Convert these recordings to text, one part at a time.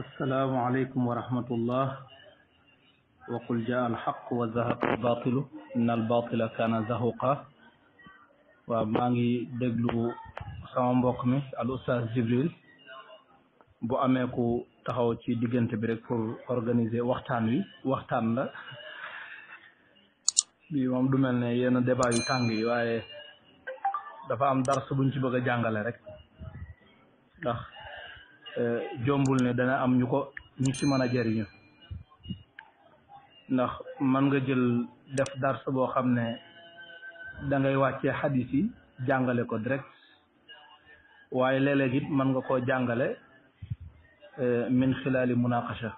asalaamualeykum wa rahmatullah wa qul jaa alxaq wa zahaqa albatilu inna albatila kaana zahuqa waaw maa ngi déglu sama mbokk mi al oustaz jibril bu amee taxaw ci diggante bi rek pour organiser waxtaan wi waxtaan la bi moom du mel ne yenn débat yu tàng yi waaye dafa am dars buñ ci bëgg jàngale rek Euh, jombul ne dana am ñu ko ñu ci mën a jariñu ndax mën nga jël def dars boo xam ne dangay wàcce wàccee xadis yi jàngale ko direk waaye léeg-léeg mën nga koo jàngale euh, min xilaali munaqasha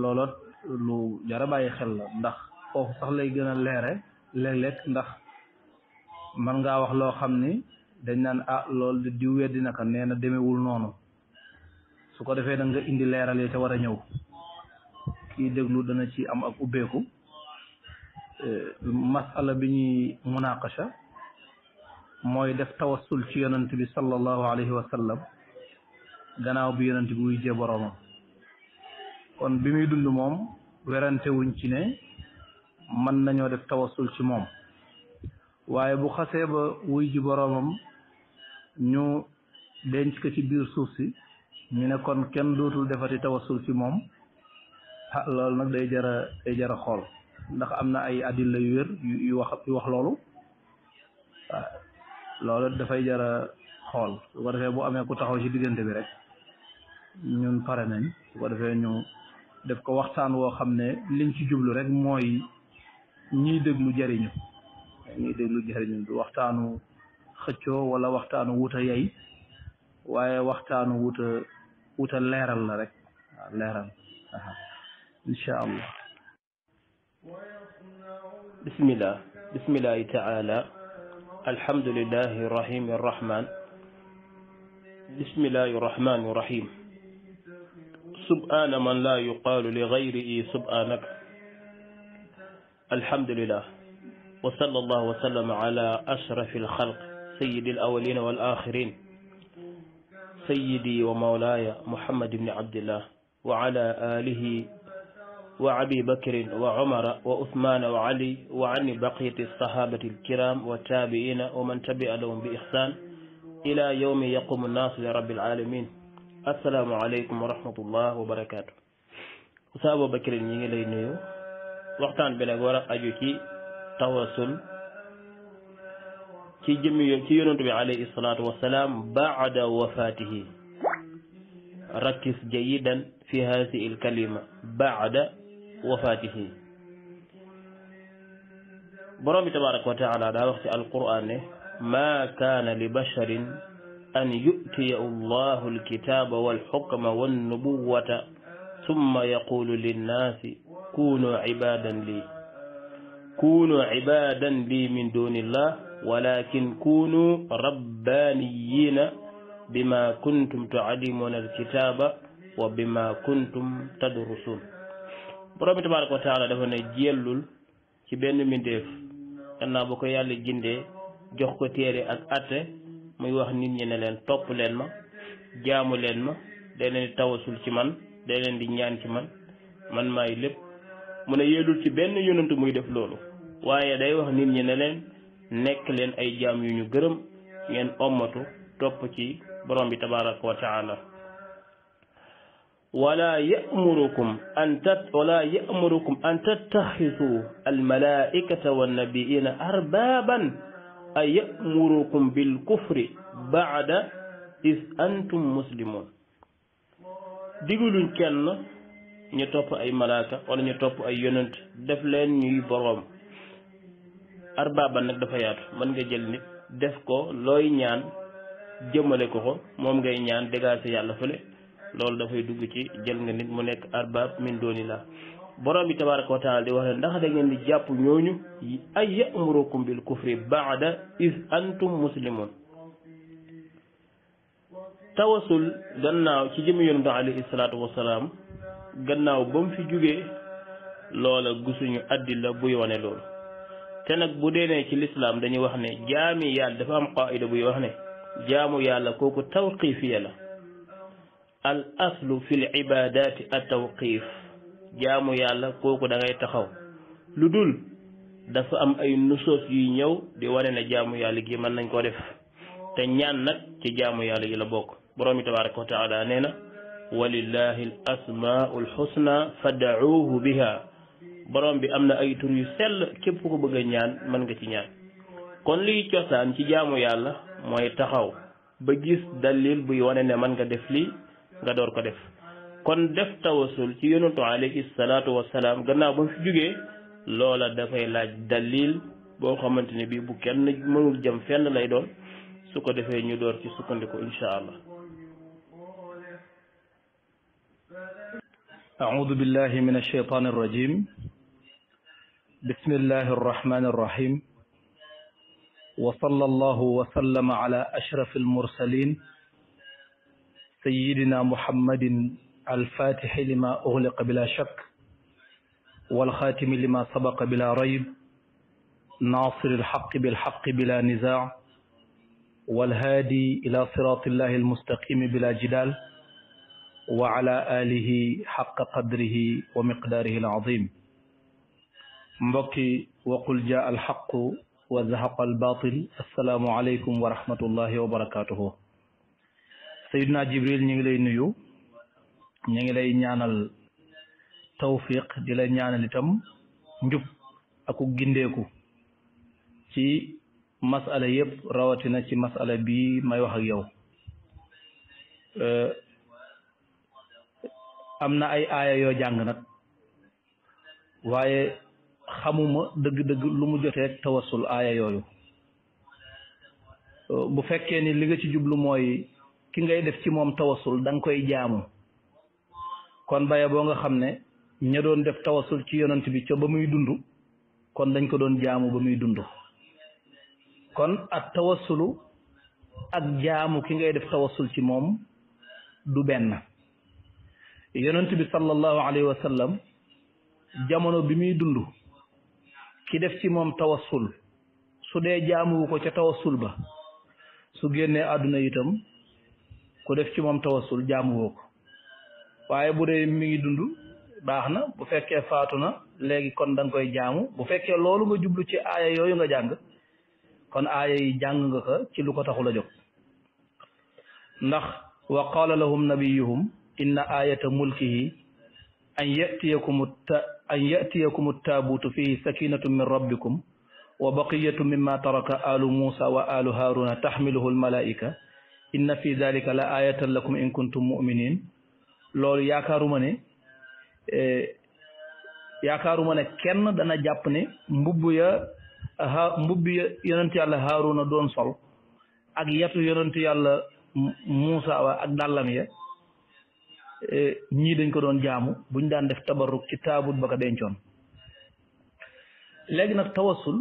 looloot lu jara bàyyi xel la ndax foofu sax lay gën a leere léeg-léeg ndax mën ngaa wax loo xam ni dañ naan a ah, loolu di diw weddi naka na demewul noonu su ko defee nag nga indi leeral yi ca war a ñëw kii déglu dana ci am ak ubbeeku eh, masala bi ñuy munaqasha mooy def tawassul ci yonant bi sallallahu alayhi wa sallam gannaaw bi yonant bi wujjee boroomam kon bi muy dund moom werante wuñ ci ne mën nañoo def tawassul ci moom waaye bu xasee ba wuy ji boroomam ñu denc ko ci biir suuf si ñu ne kon kenn dootul defati tawassul ci moom ah loolu nag day jar a jar a xool ndax am na ay adilla yu wér yu wax wax loolu waaw loolu dafay jar a xool su ko defee bu amee ku taxaw ci diggante bi rek ñun pare nañ su ko defee ñu def ko waxtaan woo xam ne liñ ci jublu rek mooy ñuy ñiy déglu jariñu ñiy déglu jariñu du waxtaanu xëccoo wala waxtaanu wuta yay waaye waxtaanu wuta بسم الله بسم الله تعالى الحمد لله الرحيم الرحمن بسم الله الرحمن الرحيم سبحان من لا يقال لغيره سبحانك الحمد لله وصلى الله وسلم على اشرف الخلق سيد الاولين والاخرين سيدي ومولاي محمد بن عبد الله وعلى آله وعبي بكر وعمر وأثمان وعلي وعن بقية الصحابة الكرام والتابعين ومن تبع لهم بإحسان إلى يوم يقوم الناس لرب العالمين السلام عليكم ورحمة الله وبركاته Oustaz بكر ñi لينيو وقتان nuyu أجوكي تواصل ci jëmmi ci yonantu bi alayhi salaatu wasalaam baada wafaatihi rakkis jayidan fi haasihi alkalima baada wafaatihi borom bi tabaraka wa taala daa wax ci alquran ne ma kaana li basharin an yutiya allahu alkitaba walxukma wannubuwata summa yaqulu linnaasi kunu ibadan lii kunu ibadan lii min duni illah walakin kunu rabbaniyiina bima kuntum tuallimuna alkitaba wa bima kuntum tadrusun borom bi tabaraka wa taala dafa ne jellul ci benn mbindeef gannaaw ba ko yàlla gindee jox ko téere ak ate muy wax nit ñi ne leen topp leen ma jaamu leen ma day leen di tawasul ci man day leen di ñaan ci man man maay lépp mu ne yellul ci benn yonantu muy def loolu waaye day wax nit ñi ne leen nekk leen ay jaam yu ñu gërëm ngeen ommatu topp ci borom bi tabaraka wa taala wala yamurukum an tat wala yamurukum an tattaxisu almalaikata wannabiina arbaaban a yamurukum bilkufri baada is antum muslimun diguluñ kenn ñu topp ay malaaka wala ñu topp ay yonent def leen ñuy boroom arbaaban nag dafa yaatu mën nga jël nit def ko looy ñaan jëmale ko ko moom ngay ñaan dégaase yàlla fële loolu dafay dugg ci jël nga nit mu nekk arbaab min dooni la borom bi tabaraka wa di wax ne ndax da ngeen di jàpp ñooñu ay yamurukum bil kufri baada is antum muslimun tawasul gannaaw ci jëmi yonent bi alayhi salaatu wasalaam gannaaw ba mu fi jógee loola gisuñu addi la buy loolu te nag bu dee ne ci lislaam dañuy wax ne jaami yàlla dafa am qaida buy wax ne jaamu yàlla kooku tawqifiya la al aslu fil ibadati at tawqif jaamu yàlla kooku dangay taxaw lu dul dafa am ay nusoos yuy ñëw di wane na jaamu yàlla gi mën nañ koo def te ñaan nag ci jaamu yàlla yi la bokk borom tabaraka wa taala nee na walillahi al asmaul husna fadauhu biha borom bi am na ay tur yu sell képp ko bëgg a ñaan man nga ci ñaan kon liy cosaan ci jaamu yàlla mooy taxaw ba gis dalil buy wane ne mën nga def lii nga door ko def kon def tawasul ci yonentu alayhi salaatu wasalaam gannaaw ba mu fi jógee loola dafay laaj dalil boo xamante ne bii bu kenn mënul jëm fenn lay doon su ko defee ñu door ci sukkandiku insha allah أعوذ بالله من الشيطان الرجيم بسم الله الرحمن الرحيم وصلى الله وسلم على أشرف المرسلين سيدنا محمد الفاتح لما أغلق بلا شك والخاتم لما سبق بلا ريب ناصر الحق بالحق بلا نزاع والهادي إلى صراط الله المستقيم بلا جدال وعلى آله حق قدره ومقداره العظيم mbokki waqul jaa alxaqu wa zahaqa albaatil assalaamu aleykum wa wa barakaatuhu sayidna jibril ñu ngi lay nuyu ñu ngi lay ñaanal tawfiq di la ñaanal itam aku gindeeku ci masala yëpp rawatina ci masala bi may wax ak yow am na ay aaya yoo jàng nag waaye xamuma dëgg-dëgg lu mu jotee tawasul aaya yooyu euh, bu fekkee ni li nga ci jublu mooy ki ngay def ci moom tawasul danga koy jaamu kon baye boo nga xam ne ña doon def tawasul ci yonent bi ca ba muy dund kon dañ ko doon jaamu ba muy dund kon ak tawasulu ak jaamu ki ngay def tawasul ci moom du benn yonent bi sallallahu alayhi wa jamono bi muy dund ki def ci moom tawassul su dee jaamuwu ko ca tawassul ba su génnee àdduna itam ku def ci moom tawassul jaamuwoo ko waaye bu dee mi ngi dund baax na bu fekkee faatu na léegi kon da koy jaamu bu fekkee loolu nga jublu ci aaya yooyu nga jàng kon aaya yi jàng nga ko ci lu ko taxul a jóg ndax wa qaala lahum nabiyuhum inna aayata mulkihi an yatiyakum أن يأتيكم التابوت فيه سكينة من ربكم وبقية مما ترك آل موسى وآل هارون تحمله الملائكة إن في ذلك لآية لكم إن كنتم مؤمنين لول ياكارو ماني إيه، ياكارو ماني كن دانا جابني مبوبيا مبوبيا يونت على هارون دون سول اك ياتو يونت يالا موسى اك دالام يا Eh, ñii dañ ko doon jaamu bu ñu daan def tabarruk ci taabut ba ko dencoon léegi nag tawasul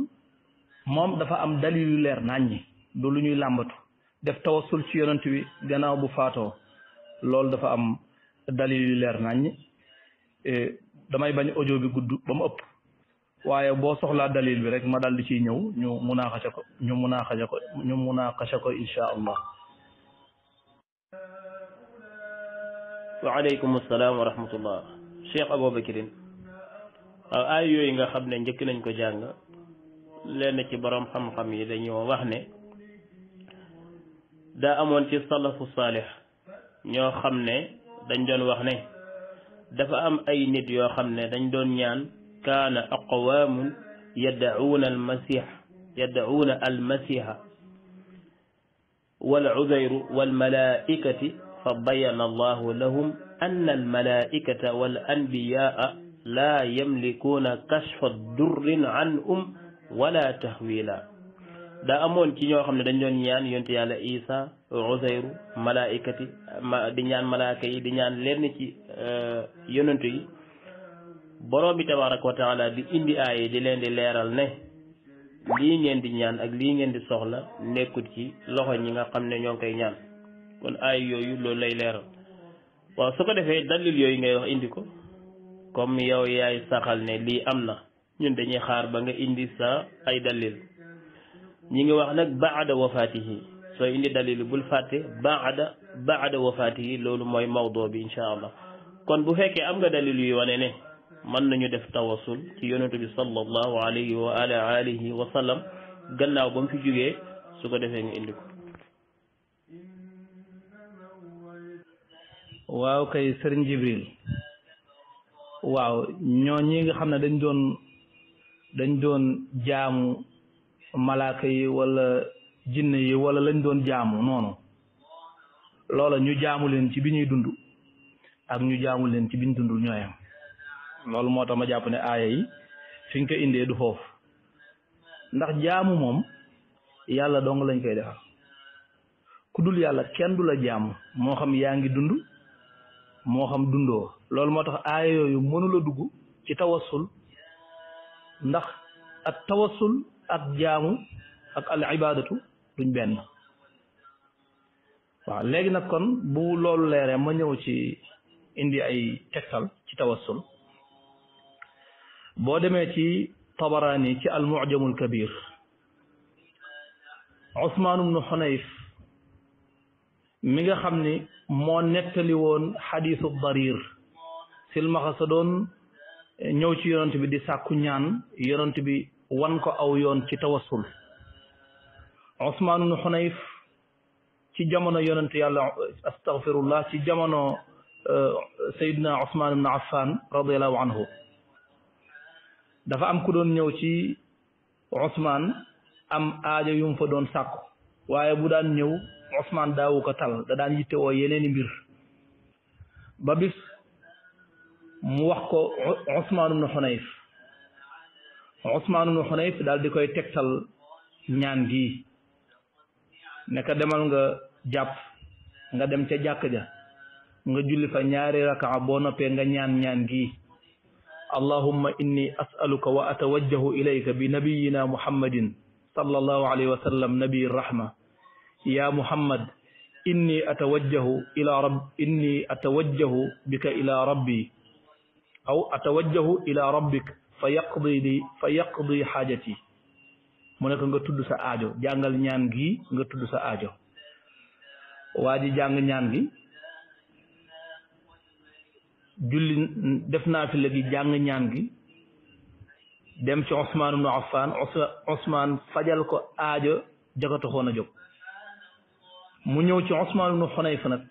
moom dafa am dalil yu leer naññi du lu ñuy làmbatu def tawasul ci yonent bi gannaaw bu faatoo loolu dafa am dalil yu leer naññi eh, damay bañ audio bi gudd ba mu ëpp waaye boo soxlaa dalil bi rek ma daal di ciy ñëw ñu munaaxasa ko ñu munaaxasa ko ñu munaaxasa ko incha allah وعليكم السلام ورحمة الله شيخ أبو بكر أيوة إنك خبنا نجكنا نكو جانا لأن كبرام خم خم يدني ووهنة دا أمون في الصلاف الصالح نيو خمنا دنجون وهنة دفا أم أي نيد يو خمنا دنجون نيان كان أقوام يدعون المسيح يدعون المسيح والعذير والملائكة fa bayyana allahu lahum anna almalaikata wal anbiyaa laa yamlikuuna kashfa durrin an um wala tahwila daa amoon ci ñoo xam ne dañ doon ñaan yonte yàlla isa usayru malaikati di ñaan malaaka yi di ñaan lenn ci euh, yonent yi borom bi tabaraka wa di indi aay di leen di leeral ne lii ngeen di ñaan ak lii ngeen di soxla nekkut ci loxo ñi nga xam ne ñoo ngi koy ñaan kon ay yooyu loolu lay leeral waaw su ko defee dalil yooyu ngay wax indi ko comme yow yaay saxal ne lii am na ñun dañuy xaar ba nga indi sa ay dalil ñi ngi wax nag baada wafaatihi soo indi dalil bul fàtte baada baada wafaatihi loolu mooy mawdoo bi insha allah kon bu fekkee am nga dalil yu wane ne mën nañu def tawasul ci yonentu bi sallallahu alayhi wa ala gannaaw ba mu fi jógee su ko defee nga indi ko waaw kay sëriñ Jibril waaw ñoo ñi nga xam ne dañ doon dañ doon jaamu malaaka yi wala jinne yi wala lañ doon jaamu noonu loola ñu jaamu leen ci bi ñuy dund ak ñu jaamu leen ci bi ñu dundul ñooyam loolu moo tax ma jàpp ne aaya yi fi nga indee du foofu ndax jaamu moom yàlla dong lañ koy defal ku dul yàlla kenn du la jaamu moo xam yaa ngi dund moo xam dundoo loolu moo tax aaya yooyu mënula dugg ci tawassul ndax ak tawassul ak jaamu ak al ibaadatu duñ benn waaw léegi nag kon bu loolu leeree ma ñëw ci indi ay tegtal ci tawasul boo demee ci tabaraani ci al mucjamul kabir usmaan ibnu xunayf mi nga xam ni moo nettali woon xadiisu darir silmaxa sa doon eh, ñëw ci yonent bi di sàkku ñaan yonent bi wan ko aw yoon ci tawassul Usmaan ibnu Xunayf ci jamono yonent yàlla astaghfirullah ci jamono eh, Seydina Usmaan ibnu Affan radiallahu anhu dafa am ku doon ñëw ci Usmaan am aajo yu fa doon sàkku waaye bu daan ñëw Ousmane daawu ko tal da daan yittewoo yeneeni mbir ba bis mu wax ko Ousmane ibnu Xunayf Ousmane ibnu Xunayf daal di koy tegtal ñaan gi demal nga jàpp nga dem ca jàkk ja nga julli fa ñaari rak'a boo noppee nga ñaan ñaan gi allahumma inni as'aluka wa atawajjahu ilayka bi nabiyina muhammadin sallallahu alayhi wa sallam nabi rahma yaa muhammad inni atawajjahu ila rab inni atawajjahu bika ila rabbi aw atawajjahu ila rabbik fa yaqdi li fa yaqdi xaajati mu ne ko nga tudd sa aajo jàngal ñaan gi nga tudd sa aajo waa ji ñaan gi julli def naa fi léegi jàng ñaan gi dem ci Ousmane ibnu Affan Ousmane fajal ko aajo jagatu xoon a mu ñëw ci Ousmane ibnu Xunayf nag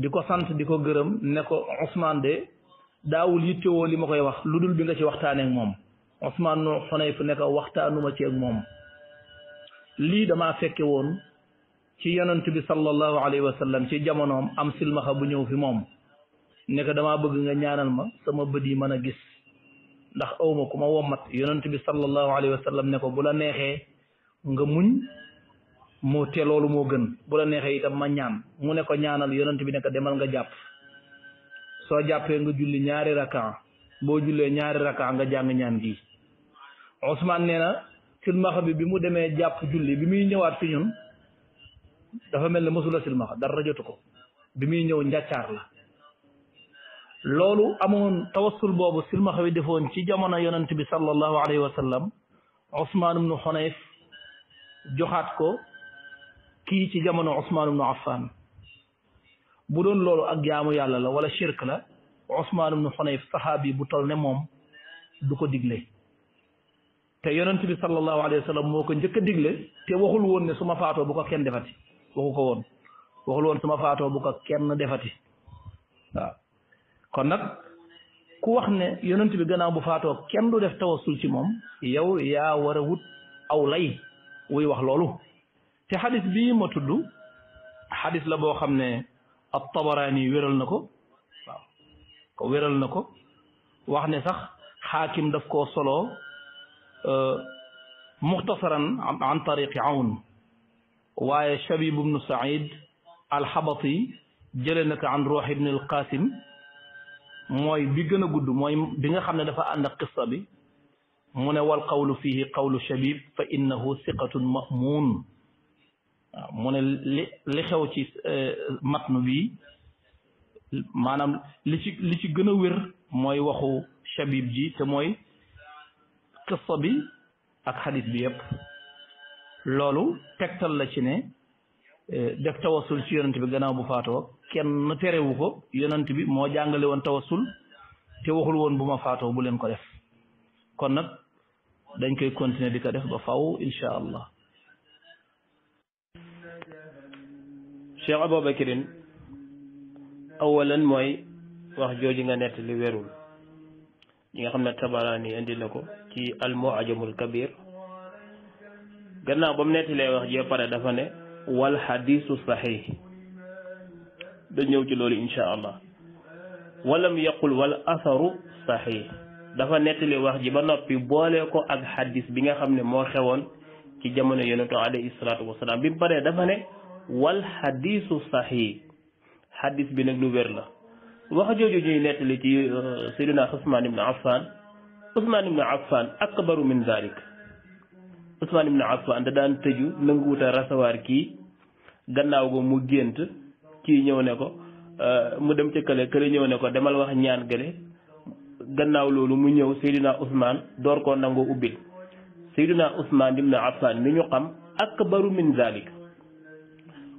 di ko sant di ko gërëm ne ko osmaan de daawul yittewoo li ma koy wax lu dul bi nga ci waxtaanee moom osmaan ibnu Xunayf ne ko waxtaanuma ci ak moom lii damaa fekke woon ci yonent bi sallallahu alayhi wa sallam ci jamonoom am silmaxa bu ñëw fi moom ne damaa bëgg nga ñaanal ma sama bët yi mën a gis ndax awma ku ma wommat yonent bi sallallahu alayhi wa sallam ne ko bu la neexee nga muñ mu te loolu moo gën bu la neexee itam ma ñaan mu ne ko ñaanal yonent bi ne demal nga jàpp soo jàppee nga julli ñaari rakka boo jullee ñaari rakka nga jàng ñaan gi Ousmane nee na silmaxa bi bi mu demee jàpp julli bi muy ñëwaat fi ñun dafa mel ne mosula silmaxa dara jotu ko bi muy ñëw njàccaar la loolu amoon tawassul boobu silmaxa bi defoon ci jamono yonent bi sallallahu alayhi wa sallam Ousmane ibnu joxaat ko kii ci jamono Ousmane ibnu Affan bu doon loolu ak jaamu yàlla la wala shirk la Ousmane ibnu Xunayf saxaabi bu tol ne moom du ko digle te yonent bi sallallahu alayhi wa sallam moo ko njëkk a digle te waxul woon ne suma faatoo bu ko kenn defati waxu woon waxul woon faatoo bu ko kenn defati waaw kon nag ku wax ne yonent bi gannaaw bu faatoo kenn du def tawassul ci moom yow yaa war a wut aw lay wuy wax loolu te xadis bii ma tudd xadis la boo xam ne ab tabaraani wéral na ko waaw ko wéral na ko wax ne sax xaakim daf koo solo muxtasaran an tariqi awn waaye shabib ibnu said alxabati jële na ko an ruux ibni alqasim mooy bi gën a gudd mooy bi nga xam ne dafa ànd ak qissa bi mu ne wal qawlu fihi qawlu shabib fa innahu siqatun mamun waaw mu ne li li xew ci euh, matnu bi maanaam li ci li ci gën a wér mooy waxu shabib ji te mooy qissa bi ak xadis bi yépp loolu tegtal la ci ne euh, def tawasul ci yonent bi gannaaw bu faatoo kenn terewu ko yonant bi moo jàngale woon tawasul te waxul woon bu ma faatoo bu leen ko def kon nag dañ koy continuer di ko def ba faw incha allah Cheikh Aboubacarin awalan mooy wax jooju nga nett li werul ñi nga xam ne Tabaraani indi na ko ci al-Mu'jamul Kabir gannaaw ba mu nettilee wax jee pare dafa ne wal xadiisu saxiix da ñëw ci loolu insha allah walam yaqul wal asaru saxiix dafa nettali wax ji ba noppi boole ko ak xadis bi nga xam ne moo xewoon ci jamono yonentu alayhi salaatu wasalaam bi mu paree dafa ne wal xadiisu saxiix xadis bi nag lu wér la wax jooju ñuy nettali ci euh, Seydina Ousmane Ibn Affan Ousmane Ibn Affan akbaru min dalik Ousmane Affan da daan tëju nanguwut a recevoir gannaaw go mu gént kii ñëw ne ko euh, mu dem ca kër kële ñëw ne ko demal wax ñaan gële gannaaw loolu mu ñëw Seydina Ousmane door koo nangoo ubbil Seydina Ousmane Ibn Affan mi ñu xam akbaru min dalik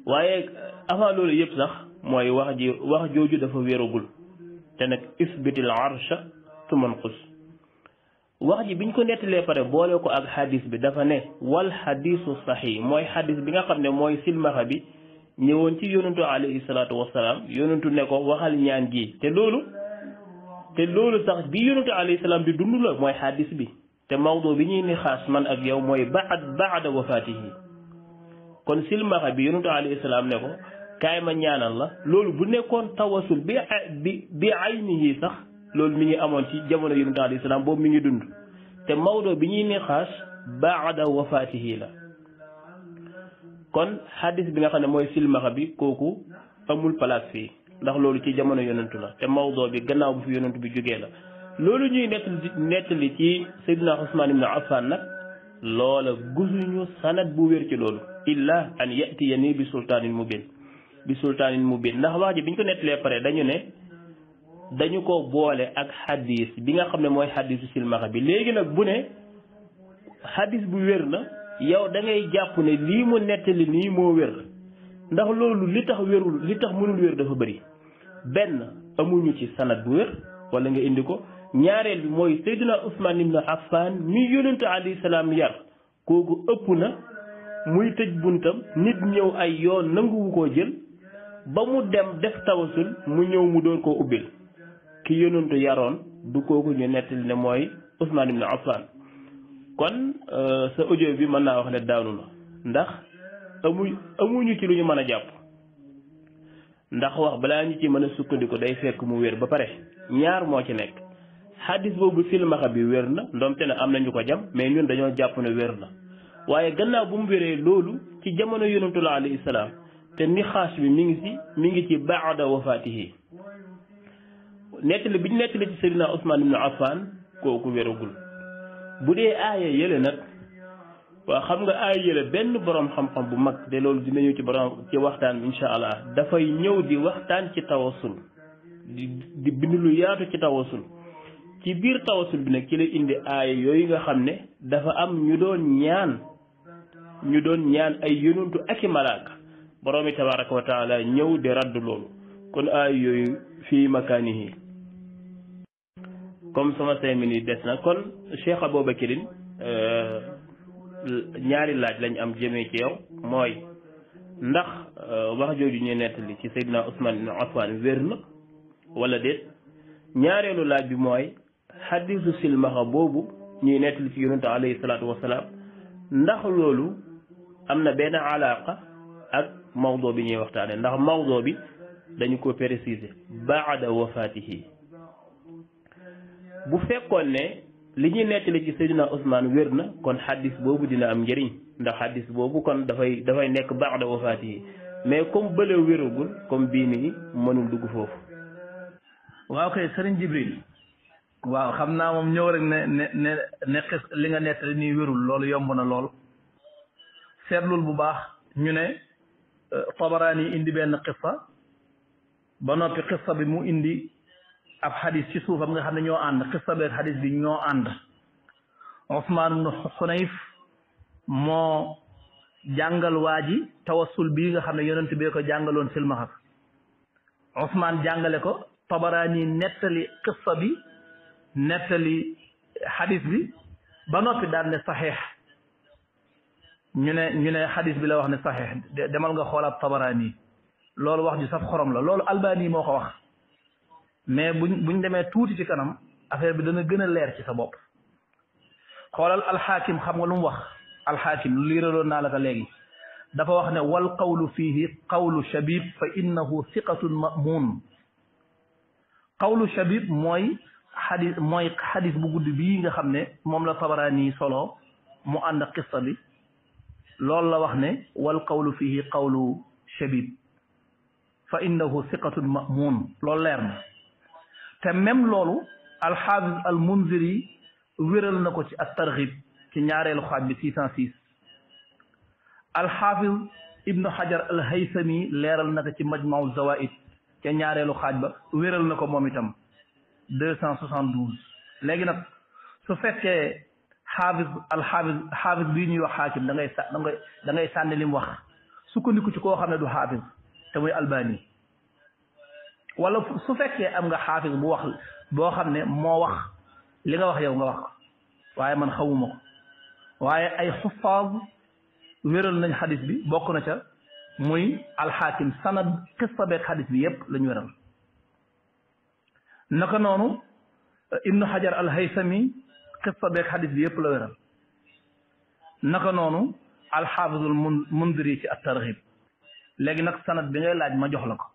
waaye avant loolu yëpp sax mooy wax ji wax jooju dafa wéragul te nag isbitil arsha tumanqus wax ji biñ ko nettalee pare boole ko ak xadis bi dafa ne wal xadisu saxi mooy xadis bi nga xam ne mooy silmaxa bi ñëwoon ci yonentu alayhi salaatu wasalaam yonentu ne ko waxal ñaan gi te loolu te loolu sax bi yonentu alayhi salaam di dund la mooy xadis bi te mawdo bi ñuy ni xaas man ak yow mooy ba baad baada wafaatihi kon silmaxa bi yonentu alayhi salaam ne ko kaay ma ñaanal la loolu bu nekkoon tawasul bi bi bi aynihi sax loolu mi ngi amoon ci jamono yonentu alayhi mi ngi dund te Maodo bi ñuy niqaas baada wafaatihi la kon xadis bi nga xam ne mooy silmaxa bi kooku amul place fii ndax loolu ci jamono yonentu la te Maodo bi gannaaw bu fi yonentu bi jógee la loolu ñuy nettali nettali ci Seydina Ousmane Ibn Affan nag loola gusuñu sanad bu wér ci loolu illa an yatiyani bi sultaanin mubin bi sultaanin mubin ndax wax ji biñ ko nettalee pare dañu ne dañu ko boole ak xadis bi nga xam ne mooy xadisu silmaxa bi léegi nag bu ne xadis bu wér na yow dangay ngay jàpp ne lii mu nettali nii moo wér ndax loolu li tax wérul li tax mënul wér dafa bëri benn amuñu ci sanad bu wér wala nga indi ko ñaareel bi mooy Seydina Ousmane ibn Affan mi yonent alayhi salaam yar kooku ëpp na muy tëj buntam nit ñëw ay yoon nanguwu koo jël ba mu dem def tawasul mu ñëw mu door koo ubbil ki yonantu yaroon du kooku ñu nettali ne mooy Ousmane ibn Affan kon euh, sa audio bi mën naa wax ne daanu na ndax amuñ amuñu ci lu ñu mën a jàpp ndax wax balaa ñu ci mën a sukkandiku day fekk mu wér ba pare ñaar moo ci nekk xaddis boobu silmaxa bi wér na ndoom te ne am na ñu ko jam mais ñun dañoo jàpp ne wér na waaye gannaaw bu mu wéree loolu ci jamono yonentu la salaam te nixaas bi mi ngi ci mi ngi ci baada wafaatihi nettali bi ñu nettali ci Seydina Ousmane ibnu Affan kooku wéragul bu dee aaya yële nag waa xam nga aaya yële benn boroom xam-xam bu mag de loolu dina ñëw ci borom ci waxtaan bi incha allah dafay ñëw di waxtaan ci tawasul di di bind lu yaatu ci tawasul ci biir tawasul bi nag ci la indi aaya yooyu nga xam ne dafa am ñu doon ñaan ñu doon ñaan ay yonantu ak i malaaka boroom yi tabaraka ñëw di radd loolu kon aay yooyu fii makaanihi comme sama cinq minutes des na kon Cheikh Aboubacrine euh, ñaari laaj lañu am jëmee ci yow mooy ndax euh, wax jooju ñu nettali ci Seydina Ousmane ibn Affan wér na wala déet ñaareelu laaj bi mooy xadisu silmaxa boobu ñuy nettali ci yonente alayhi salaatu wasalaam ndax loolu am na benn alaaqa ak mawdo bi ñuy waxtaane ndax mawdo bi dañu ko préciser baada wafaatihi bu fekkoon ne li ñuy nettali ci Seydina Ousmane wér na kon xaddis boobu dina am njëriñ ndax xaddis boobu kon dafay dafay nekk baax baada yi mais comme bële wéragul comme bii nii mënul dugg foofu waaw kay sëriñ Jibril waaw xam naa moom ñëw rek ne ne ne ne li nga nettali nii wérul loolu yomb na lool seetlul bu baax ñu ne euh, Tabaraani indi benn xissa ba noppi xissa bi mu indi ab xadis ci suufam nga xam ne ñoo ànd xissa beeg xadis bi ñoo ànd Usmaan ibnu moo jàngal waa ji tawassul bii nga xam ne yonent bee ko jàngaloon silmaxa Usmaan jàngale ko Tabaraani nettali xissa bi nettali xadis bi ba noppi daal ne saxiix ñu ne ñu ne xadis bi la wax ne saxiix demal nga xoolaat tabaraani loolu wax ju saf xorom la loolu albani moo ko wax mais buñ buñ demee ci kanam affaire bi dana gën leer ci sa bopp xoolal alxaakim xam nga lu mu wax alxaakim liiraloon naa la ko léegi dafa wax ne wal qawlu fiihi qawlu shabib fa innahu siqatun mamun qawlu shabib mooy xadis mooy xadis bu gudd bii nga xam ne la tabaraani solo mu ànd qissa bi لول لا وخني والقول فيه قول شبيب فانه ثقه مامون لول ليرنا تا ميم لولو الحافظ المنذري ويرل نكو سي الترغيب سي نياريل خاج بي 606 الحافظ ابن حجر الهيثمي ليرل نكو سي مجمع الزوائد تا نياريل خاج با ويرل نكو موميتام 272 لغي نك سو فكه xaafis alxaafis xaafis bii ñuy wax xaakim da ngay sa da ngay da ngay sànni wax sukkandiku ci koo xam ne du xaafis te muy albani wala su fekkee am nga xaafis boo xam ne moo wax li nga wax yow nga wax ko waaye man xamuma waaye ay xufaaz wéral nañ xadis bi bokk na ca muy alxaakim sanad xista beeg xadis bi yépp lañ wéral naka noonu ibnu xajar alhaysami qissa beeg xadis bi yëpp la wéral naka noonu alxaafisul mun mundiri ci attarxib léegi nag sanad bi ngay laaj ma jox la ko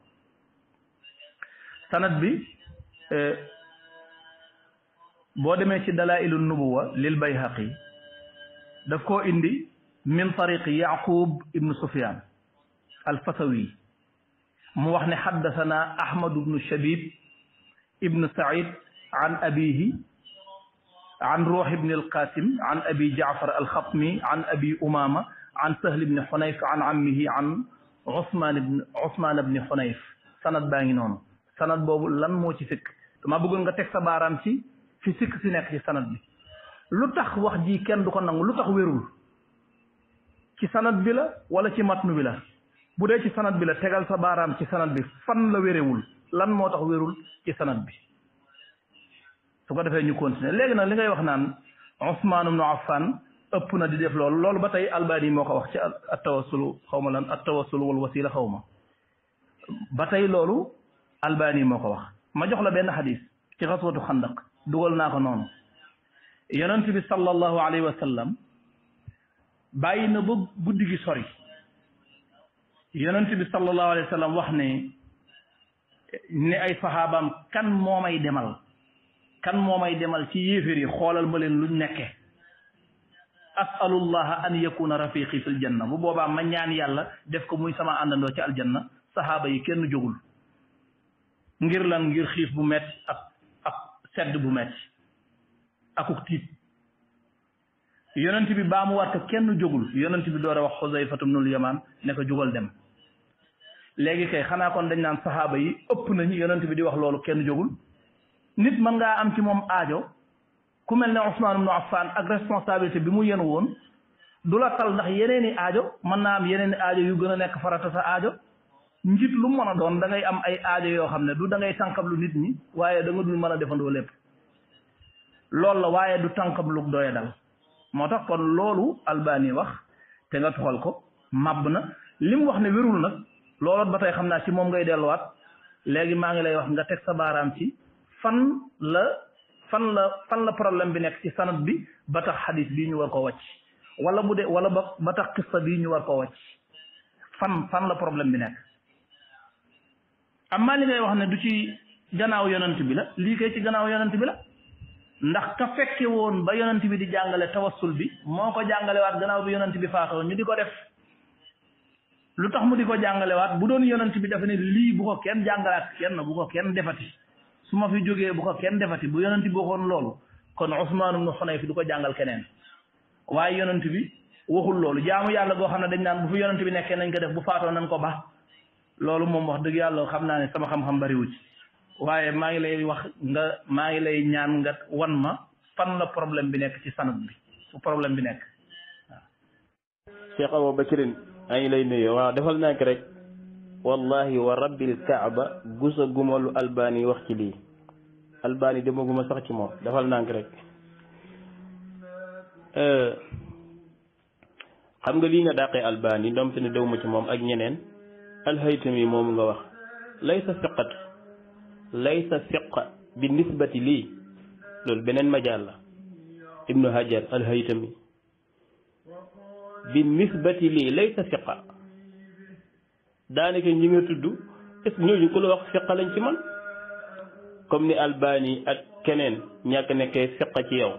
sanad bi boo demee ci dalailu nubuwa lil bayhaqi daf koo indi min tariqi yaqub ibnu sufyan alfasawi mu wax ne xaddasana ahmadu bnu shabib ibnu said an abihi عن روح بن القاسم عن أبي جعفر الخطمي عن أبي أمامة عن سهل بن حنيف عن عمه عن عثمان بن عثمان بن حنيف sanad baa ngi noonu sanad boobu lan moo ci sikk dama bëggoon nga teg sa baaraam ci fi sikk si nekk ci sanad bi lu tax wax ji kenn du ko nangu lu tax wérul ci sanad bi la wala ci matnu bi la bu dee ci sanad bi la tegal sa baaraam ci sanad bi fan la wérewul lan moo tax wérul ci sanad bi su ko defee ñu continuer léegi nag li ngay wax naan Ousmane ibnu Affan ëpp na di def loolu loolu ba tey Albani moo ko wax ci at tawassulu xaw ma lan at tawassulu wal wasila xaw ma ba tey loolu Albani moo ko wax ma jox la benn xadis ci xaswatu xandaq dugal naa ko noonu yonent bi sallallahu alayhi wa sallam bàyyi na ba guddi gi sori yonent bi sallallahu alayhi wa sallam wax ne ne ay sahabam kan moo may demal kan moom ay demal ci yéeféer yi xoolal ma leen luñ nekke asalullaha an yakuna rafiqi fil janna bu boobaa ma ñaan yàlla def ko muy sama àndandoo ci aljanna saxaaba yi kenn jógul ngir lan ngir xiif bu metti ak ak sedd bu metti akuk tiit yonent bi baa mu war ko kenn jógul yonent bi door a wax xusayfatu bnul yamaan ne ko jógal dem léegi kay xanaa kon dañ naan saxaaba yi ëpp nañu yonent bi di wax loolu kenn jógul nit mën ngaa am ci moom aajo ku mel ne Ousmane ibnu Affan ak responsabilité bi mu yenu woon du la tal ndax yeneen i aajo mën naa am yeneen i aajo yu gën a nekk farata sa aajo njit lu mën a doon da ngay am ay aajo yoo xam ne du dangay ngay tànkablu nit ñi waaye da dul mën a defandoo lépp loolu la waaye du tànkablu doye dal moo tax kon loolu Albani wax te nga toxal ko màbb na li mu wax ne wérul nag looloot ba tey xam naa ci moom ngay delluwaat léegi maa ngi lay wax nga sa baaraam ci fan la fan la fan la problème bi nekk ci sanad bi ba tax xadis bii ñu war ko wàcc wala bu dee wala ba ba tax qissa bi ñu war koo wàcc fan fan la problème bi nekk amma li ngay wax ne du ci gannaaw yonent bi la lii kay ci gannaaw yonent bi la ndax ka fekke woon ba yonent bi di jàngale tawassul bi moo ko jàngale waat gannaaw bi yonent bi faatoo ñu di ko def lu tax mu di ko jàngalewaat bu doon yonent bi dafa ne lii bu ko kenn jàngalaat kenn bu ko suma fi joge bu ko kenn defati bu yonent bi waxoon loolu kon usman ibn Xunayf du ko jangal kenen waaye yonent bi waxul loolu jaamu yalla go xamna dañ nan bu fi yonent bi nekkee nañ ko def bu faato nañ ko ba loolu mom wax deug yalla xamna ne sama xam-xam bari wu ci waye ma ngi lay wax nga ma ngi lay ñaan nga wan ma fan la problème bi nekk ci sanad bi fu problème bi nekk Cheikh Abou Bakirin ay lay nuyu waaw defal nak rek wallahi wa rabbi kaaba gusa guma lu albani wax ci lii albani demaguma sax ci moom defal nànk rek euh, xam nga lii nga dàqee albani ndomte ne dewuma ci moom ak ñeneen alhaytami moomu nga wax laysa fiqat laysa fiqa bi lii loolu beneen majaal la ibnu hajar alhaytami bi lii laysa fiqa daanaka ñi nga tudd est-ce que ku la wax fiqa lañ ci man comme ni albani ak keneen ñàkk nekkee fiqa ci yow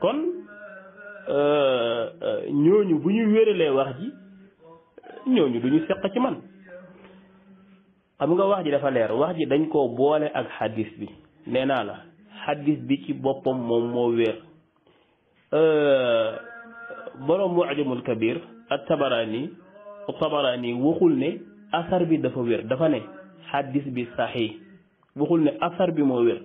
kon euh, euh, ñooñu bu ñu wéralee wax ji ñooñu duñu fiqa ci man xam nga wax ji dafa leer wax ji dañ koo boole ak xadis bi nee naa la xadis bi ci boppam moom moo wér euh, boroom mucjamul kabir at tabaraani Tabaraani waxul ne asar bi dafa wér dafa ne xaddis bi ne asar bi moo wér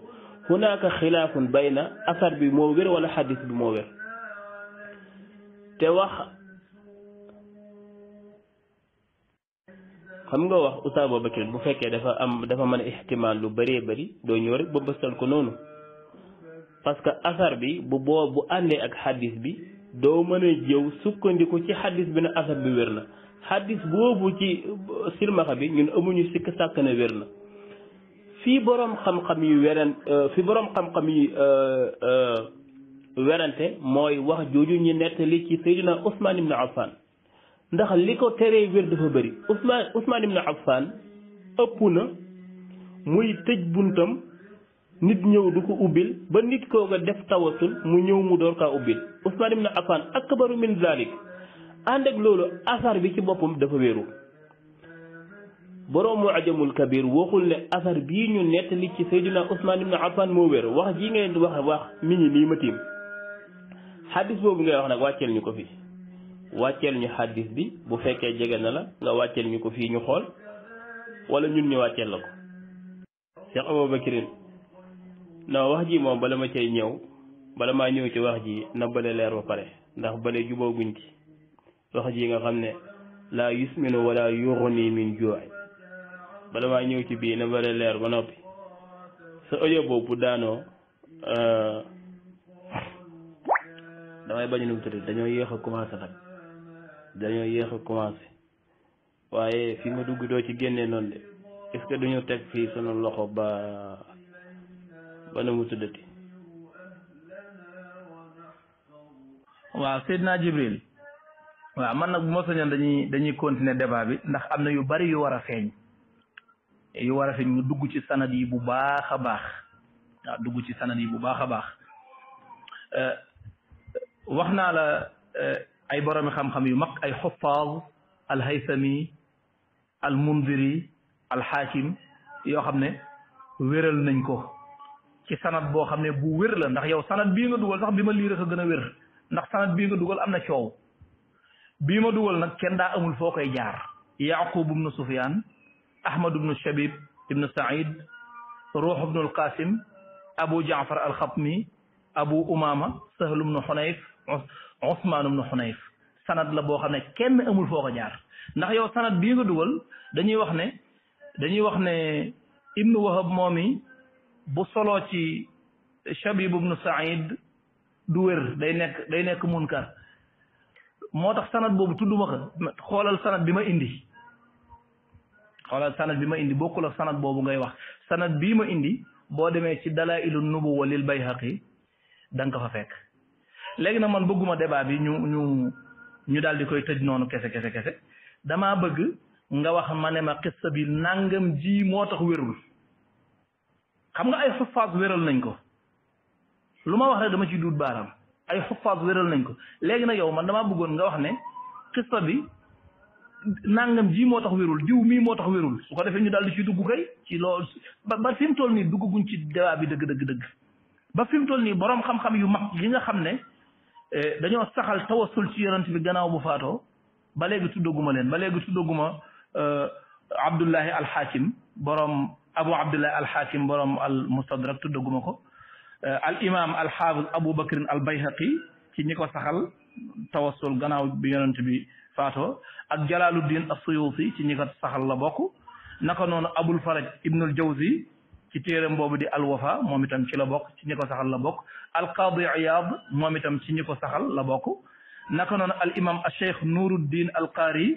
hunaaka xilaafun bayna asar bi moo wér wala xaddis bi moo wér te wax xam nga wax Oustaz bu fekkee dafa am dafa mën a ixtimaal lu bëree bëri doo ñëw rek ba bëstal ko noonu parce que asar bi bu boo bu àndee ak xaddis bi doo mën a jëw sukkandiku ci xaddis bi ne asar bi wér na xaddis boobu ci silmaxa bi ñun amuñu sikk sàkk na wér na fii boroom xam yu weren fi boroom xam-xam yu euh, euh, euh, werante mooy wax jooju ñu nettali ci Seydina Ousmane na Affan ndax li ko teree wér dafa bari Ousmane na Ibn Affan ëpp na muy tëj buntam nit ñëw du ko ubbil ba nit koo nga def tawasul mu ñëw mu door kaa ubbil Ousmane Ibn Affan akbaru min zalik ànd ak loolu asar bi ci boppam dafa wéeru borom Mu'jamul Kabir waxul ne asar bii ñu nettali ci Seydina Ousmane Ibn Affan moo wér wax ji ngeen wax wax mi ngi nii ma tiim xaddis boobu ngay wax nag wàcceel ñu ko fi wàcceel ñu xaddis bi bu fekkee jege la nga ñu ko fii ñu xool wala ñun ñu wàcceel la ko. Cheikh Aboubacrine non wax ji moom bala ma cay ñëw bala maa ñëw ci wax ji na bale leer ba pare ndax bale jubóoguñ ci. wax ji nga xam ne laa yusminu wala yuxni min juuxi bala maa ñëw ci bii na bare leer ba noppi sa audio boobu daanoo euh, damay bañu num tëdd dañoo yéex a commencé nag dañoo yéex a commencé waaye fi ma dugg doo ci génnee noonu de est duñu teg fii sunu loxo ba ba na mu tuddati waaw Seydina Jibril waaw man nag bu ma soñoon dañuy dañuy continuer débat bi ndax am na yu bari yu war a feeñ yu war a feeñ ñu dugg ci sanad yi bu baax a baax waaw dugg ci sanad yi bu baax a baax euh, wax naa la euh, ay boroomi xam-xam yu mag ay xuffaaz alhaysami almundiri alxaakim yoo xam ne wéral nañ ko ci sanad boo xam ne bu wér la ndax yow sanad bii nga dugal sax bi ma liir a ko gën a wér ndax sanad bii nga dugal am na coow bima ma dugal nag kenn daa amul fokay jaar yaqub ibn sufyan ahmad ibn shabib ibn said ruh ibn al qasim abu ja'far al khatmi abu umama sahl ibn hunayf usman ibn hunayf sanad la bo xamne ken amul foo jaar ndax yow sanad bi nga dugal dañuy wax ne dañuy wax ne ibn wahab momi bu solo ci shabib ibn said du wér day nek day nek munkar moo tax sanad boobu tudduma ko xoolal sanad bi ma indi xoolal sanad bi ma indi bokkul ak sanad boobu ngay wax sanad bii ma indi boo demee ci dalailu nubuwa lil bay da yi ko fa fekk léegi nag man bëgguma débat bi ñu ñu ñu daal di koy tëj noonu kese kese kese damaa bëgg nga wax ma ne ma xissa bi nangam moo tax wérul xam nga ay xufaas wéral nañ ko lu ma wax rek dama ci duut baaram ay xuffaas wéral nañ ko léegi nag yow man dama bëggoon nga wax ne xista bi nangam ji moo tax wérul diw mii moo tax wérul su ko defee ñu daal di ci dugg kay ci lool ba ba fi mu toll nii dugguñ ci débat bi dëgg dëgg dëgg ba fi mu toll nii borom xam-xam yu mag yi nga xam ne dañoo saxal tawassul ci yonent bi gannaaw bu faatoo ba léegi tuddaguma leen ba léegi tuddaguma Abdullahi Alxaakim boroom Abu Abdullahi Alxaakim boroom al Mustadrak tuddaguma ko آه، الامام الحافظ ابو بكر البيهقي كي نيكو ساخال توسل غناو بي يونت بي فاتو اك جلال الدين السيوطي كي نيكو ساخال لا بوكو نكا نون ابو الفرج ابن الجوزي كي تيرم بوبو دي الوفا مومي تام سي لا بوك كي نيكو ساخال لا بوك القاضي عياض مومي تام سي نيكو ساخال لا بوكو نكا نون الامام الشيخ نور الدين القاري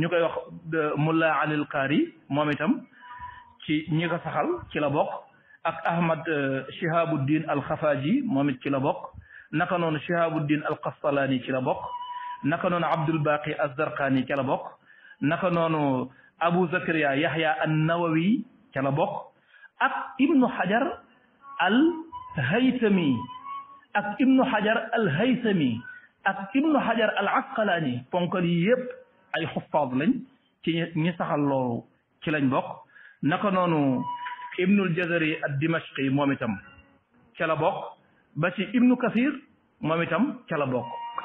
نيكاي واخ ملا علي القاري مومي تام كي نيكو ساخال كي لا بوك ak ahmad shihabuddin al khafaji momit ci la bok naka non shihabuddin al qastalaani ci la bok naka non abdul baqi az-zarqani ci la bok naka non abu zakariya yahya an nawawi ci la bok ak ibnu hajar al haythami ak ibnu hajar al haythami ak ibnu hajar al asqalaani ponkal yeb ay xofaw lañ ci ñi saxal lolu ci lañ bok naka nonu ibnul jazari ad dimashqi moom itam ca la bokk ba ci ibnu kasir itam ca la bokk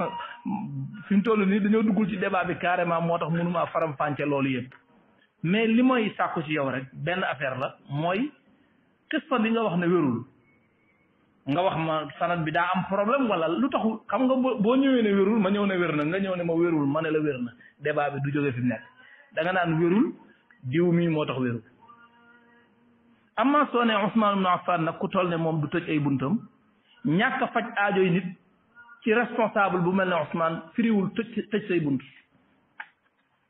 fi mu toll nii dañoo duggul ci débat bi carrément moo tax mënumaa faram-fànce loolu yëpp mais li mooy sàkku ci yow rek benn affaire la mooy qissa bi nga wax ne wérul nga wax ma sanad bi daa am problème wala lu taxu xam nga boo ñëwee ne wérul ma ñëw ne wér na nga ñëw ne ma wérul ma ne la wér na débat bi du jógee fi mu nekk da nga naan wérul diw mii moo tax wérul amma soo ne Ousmane ibn Affan nag ku toll ne moom du tëj ay buntam ñàkk a faj aajoy nit ci responsable bu mel ne Ousmane firiwul tëj tëj say bunt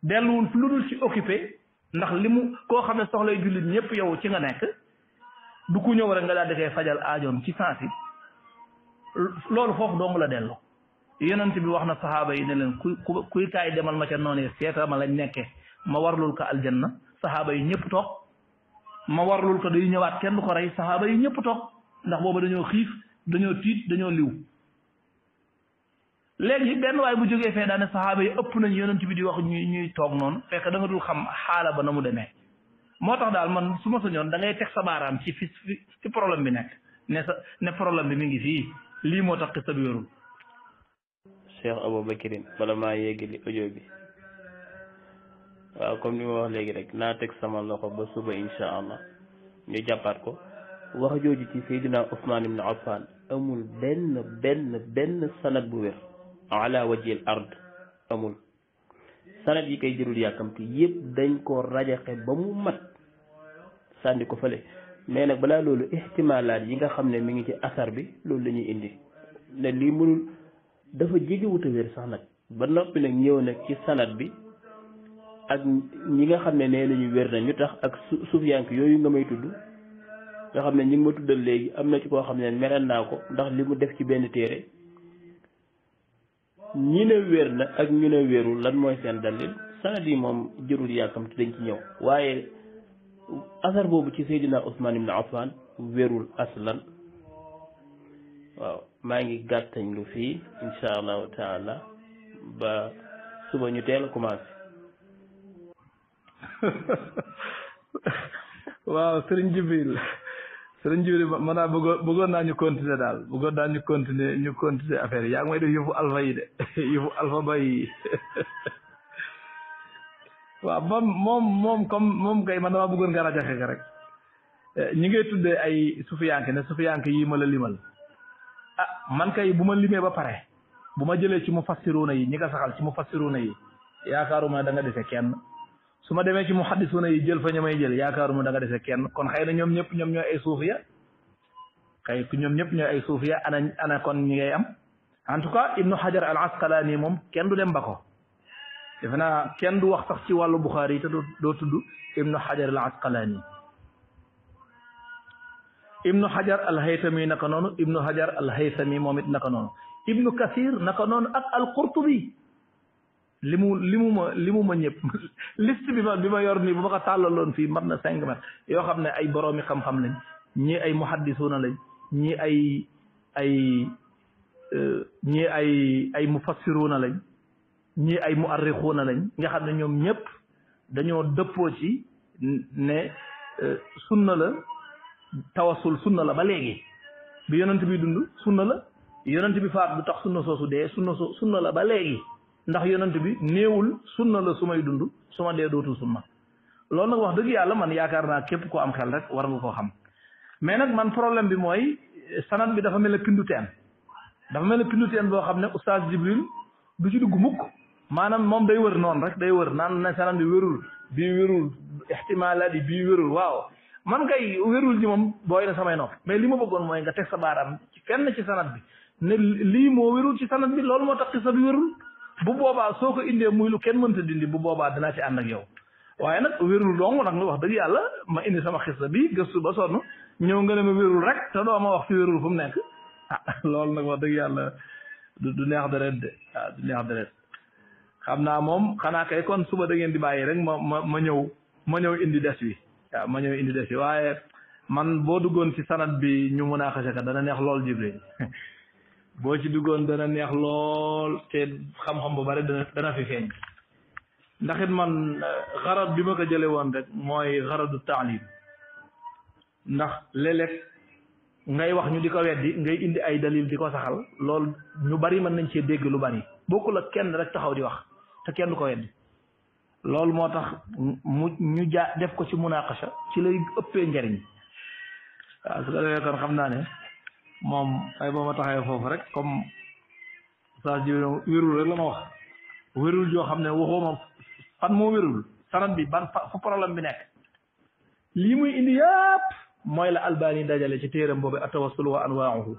delluwul lu dul ci occupé ndax li mu koo xam ne soxlay jullit ñëpp yow ci nga nekk du ku ñëw rek nga daal di koy fajal aajoom ci sensi loolu foofu dong la dellu yonent bi wax na saxaaba yi ne leen kuy kaay demal ma ca noonu seeta ma lañ nekke ma warlul ko aljanna saxaaba yi ñëpp toog ma warul ko day ñëwaat kenn du ko rey saxaaba yi ñëpp toog ndax boobu dañoo xiif dañoo tiit dañoo liw léegi benn waay bu jógee fee daane saxaaba yi ëpp nañ yonent bi di wax ñuy ñuy toog noonu fekk da dul xam xaala ba na mu demee moo tax daal man su ma sañoon da ngay teg sa baaraam ci fi fi problème bi nekk ne sa ne problème bi mi ngi fii lii moo tax xisa bi wérul Cheikh Abou Bakirin bala maa yeggali audio bi waaw comme ni ma wax léegi rek naa teg sama loxo ba suba incha allah ñu jàppaat ko wax jooju ci Seydina Ousmane Ibn Affan amul benn benn benn sanad bu wér ala wajil ard amul sanad yi kay jërul yàkkamti yëpp dañ ko rajaxe ba mu mat sànni ko fële mais nag balaa loolu ihtimaalaat yi nga xam ne mi ngi ci asar bi loolu lañuy ñuy indi ne lii mënul dafa jégewut a wér sax nag ba noppi nag ñëw nag ci sanad bi ak ñi nga xam ne nee nañu wér na ñu tax ak su sufiyank yooyu nga may tudd nga xam ne ñi nga ma tuddal léegi am na ci koo xam ne mereel naa ko ndax li mu def ci benn téere ñi ne wér na ak ñu ne wérul lan mooy seen dalil sanad yi moom jërul yàkkamte dañ ci ñëw waaye asar boobu ci Seydina Ousmane ibn Affan wérul lan waaw maa ngi gàttañ lu fii insha allahu taala ba suba ñu teel a commencé waaw sëriñ Jibril sëriñ Jibril maanaam bëggoon bëggoon naa ñu continuer daal bëggoon naa ñu continuer ñu continuer yi yaa ngi may def yëfu alpha yi de yëfu alpha bay yi waaw moom moom moom comme moom kay man damaa bëggoon nga rajaxe ka rek eh, ñi ngay tuddee ay sufiyanke ne sufiyanke yi ma la limal ah man kay bu ma limee ba pare bu ma jëlee ci mu fassiruuna yi ñi nga saxal ci mu fassiruuna yi yaakaaruma da nga dese kenn suma deme ci muhaddisuna yi jël fa ñamay jël yaakaaru mu da nga dese kenn kon xeyna ñom ñoom ñëpp ñoom ñooy ay suufiya xëy ñom ñëpp ñoy ay suufiya ana ana kon ñi ngay am en tout cas ibnu hajar al asqalani mom kenn du dem bako ko kenn du wax sax ci walu bukhari te do tuddu ibnu hajar al asqalani ibnu hajar al haythami naka noonu ibnu hajar al haythami momit naka noonu ibnu kasir naka noonu ak al qurtubi li mu li mu ma li mu ma ñëpp liste bi man bi ma yor nii bu ma ko tàllaloon fii mat na cinq mètres yoo xam ne ay boroomi xam-xam lañ ñii ay muhaddisuuna lañ ñii ay ay euh, ñii ay ay mufassiruuna lañ ñii ay muarrixuuna lañ nga xam ne ñoom ñëpp dañoo dëppoo ci ne euh, sunna la tawasul sunna la ba léegi bi yonent bi dund sunna la yonent bi faat bu tax sunna soosu dee sunna soo sunna la ba léegi ndax yonent bi néewul sunna la su may dund su ma dee dootul sunna loolu nag wax dëgg yàlla man yaakaar naa képp ko am xel rek war nga koo xam mais nag man problème bi mooy sanad bi dafa mel ne pindu teen dafa mel ne pindu teen boo xam ne oustaz Jibril du ci dugg mukk maanaam moom day wër noonu rek day wër naan na sanad bi wérul bi wérul ixtimaalaat yi wérul waaw man kay wérul ji moom booy na samay nopp mais li ma bëggoon mooy nga teg sa baaraam ci fenn ci sanad bi ne lii moo wérul ci sanad bi loolu moo tax xisa bi wérul bu boba soko inde muy lu ken meunta dindi bu boba dana ci and ak yow waye nak dong la wax deug yalla ma indi sama xissa bi geussu ba sonu ñew nga ne ma wérul rek ta do ma wax fi wérul fu nekk ah, lool nak wax deug yalla du du neex de ah, du neex de red xamna mom xana kay kon suba da ngeen di baye rek ma ma ñew ma ñew indi dess wi ah, ma ñew indi dess wi waaye man bo duggoon ci sanad bi ñu mëna dana neex lool jibril boo ci duggoon dana neex lool te xam-xam bu bari dana dana fi feeñ ndax man euh, xarab bi ma ko jële woon rek mooy xaradu taalim ndax léeg ngay wax ñu di ko weddi ngay indi ay dalil di ko saxal loolu ñu bari mën nañ cee dégg lu bari bokkul ak kenn rek taxaw di wax te kenn ko weddi loolu moo tax mu ñu jaa def ko ci munaqasha ci lay ëppee njariñ waaw su ko defee kon xam naa ne moom ay boo ma taxawee foofu rek comme saa ji wérul rek la ma wax wérul xam ne waxoo fan moo wérul sanat bi ban fa problème bi nekk lii muy indi yëpp mooy la albani dajale ci téeram boobu atawassul wa anwaahu waaw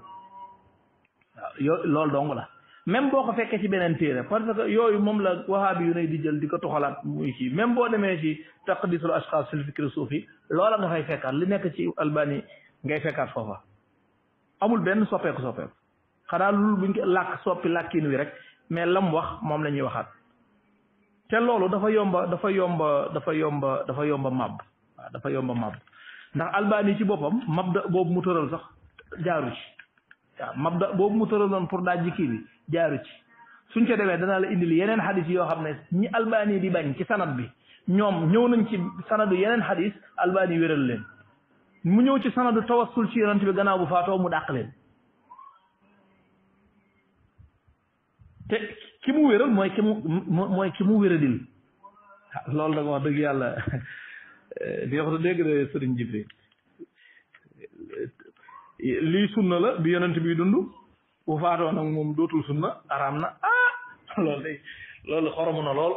yo loolu dong la même boo ko fekkee ci beneen téere parce que yooyu moom la wahabi yu ne di jël di ko toxalaat muy kii même boo demee ci taqdisul ashxaas fil fikri suufi loola nga fay fekkaat li nekk ci albani ngay fekkaat foofa amul benn soppeeku soppeeku xanaa loolu buñ làkk soppi làkkiin wi rek mais lam wax moom la ñuy waxaat te loolu dafa yomba dafa yomba dafa yomba dafa yomba màbb dafa yomba màbb ndax albani ci boppam mabda boobu mu tëral sax jaaru ci waaw mabda boobu mu tëraloon pour daa jikki bi jaaru ci suñ ko demee danaa la indil yeneen xadis yoo xam ne ñi albani di bañ ci sanad bi ñoom ñëw nañ ci sanadu yeneen xadis albani wéral leen mu ñëw ci sanadu tawassul ci yonent bi gannaaw bu faatoo mu dàq leen te ki mu wéral mooy ki mu mooy ki mu wéradil loolu nag wax dëgg yàlla di wax dëgg de sëriñ Jibril lii sunna la bi yonent bi dund bu faatoo nag moom dootul sunna araam na ah loolu loolu xoromu lool